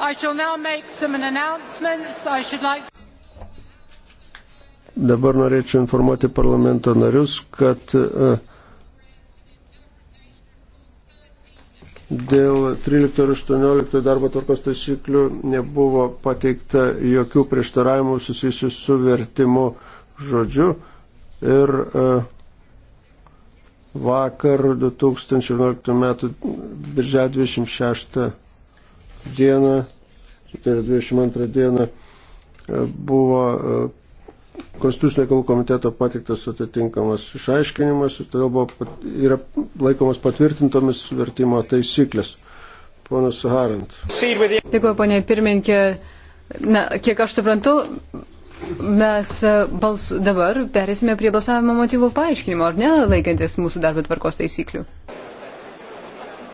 I shall now make some announcements. I should like Dabar norėčiau informuoti parlamento narius, kad e, dėl 13 ir 18 darbo tvarkos taisyklių nebuvo pateikta jokių prieštaravimų susijusių su vertimu žodžiu. Ir e, vakar 2011 m. birželio 26 dieną, tai yra 22 dieną, e, buvo e, Konstitucinio reikalų komiteto patiktas atitinkamas išaiškinimas ir todėl buvo, yra laikomas patvirtintomis vertimo taisyklės. Ponas Harant. Dėkuoju, ponė pirmininkė. Na, kiek aš suprantu, mes e, balsu, dabar perėsime prie balsavimo motyvų paaiškinimo, ar ne, laikantis mūsų darbo tvarkos taisyklių.